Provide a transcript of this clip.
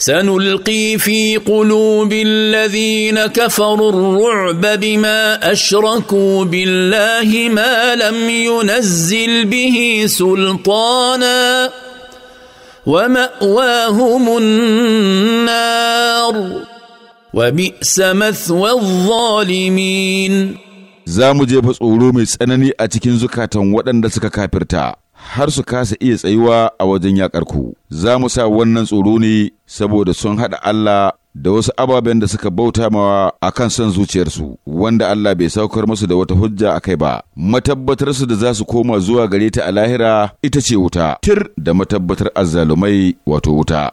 سنلقي في قلوب الذين كفروا الرعب بما اشركوا بالله ما لم ينزل به سلطانا وماواهم النار وبئس مثوى الظالمين za mu jefa tsoro mai tsanani a cikin zukatan waɗanda suka kafirta har su kasa iya tsayuwa a wajen yakarku Za mu sa wannan tsoro ne saboda sun haɗa Allah da wasu ababen da suka bauta mawa a kan son zuciyarsu, wanda Allah bai saukar musu da wata hujja a kai ba. Matabbatar su da za su koma zuwa gare ta a lahira ita ce wuta, tir da matabbatar azzalumai wato wuta.